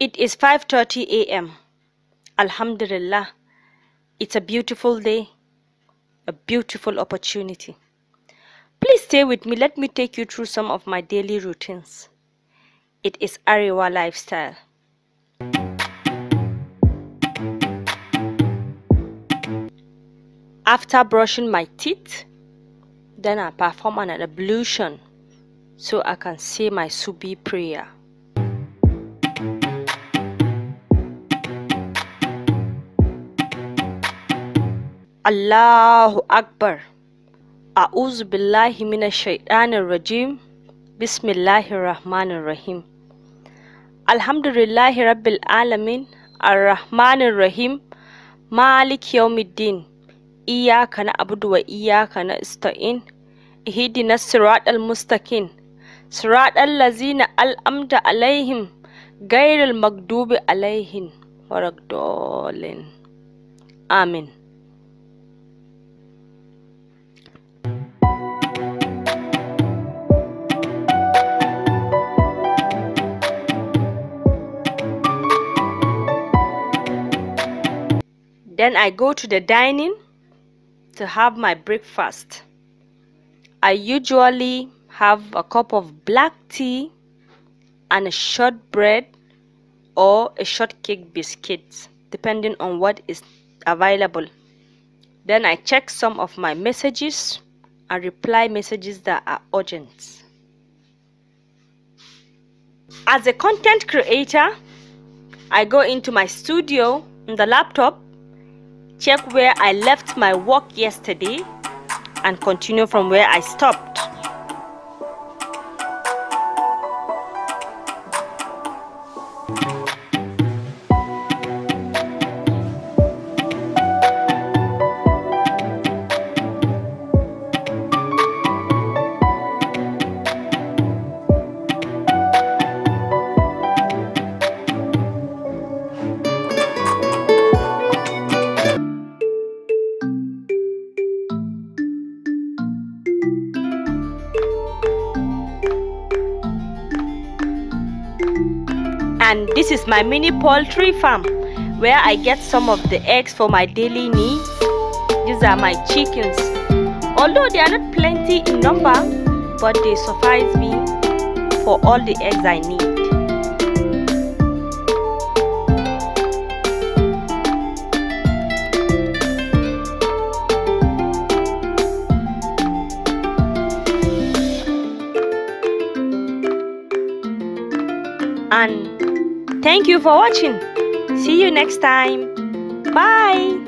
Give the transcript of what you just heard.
It is 5:30 a.m. Alhamdulillah. It's a beautiful day, a beautiful opportunity. Please stay with me. Let me take you through some of my daily routines. It is Ariwa lifestyle. After brushing my teeth, then I perform an ablution so I can say my subi prayer. Allahu Akbar A'udhu billahi minash shaitanir rajim Bismillahir Rahmanir Rahim Alhamdulillahi Rabbil Alamin Ar-Rahmanir Rahim iyaka na Iyyaka na'budu wa iyyaka nasta'in Ihdinas siratal mustaqim Siratal ladzina al'amta alaihim ghairil maghdubi alaihim waladdallin Amin Then I go to the dining to have my breakfast. I usually have a cup of black tea and a shortbread or a shortcake biscuit depending on what is available. Then I check some of my messages and reply messages that are urgent. As a content creator, I go into my studio in the laptop check where I left my work yesterday and continue from where I stopped. and this is my mini poultry farm where I get some of the eggs for my daily needs. These are my chickens. Although they are not plenty in number, but they suffice me for all the eggs I need. and Thank you for watching. See you next time. Bye.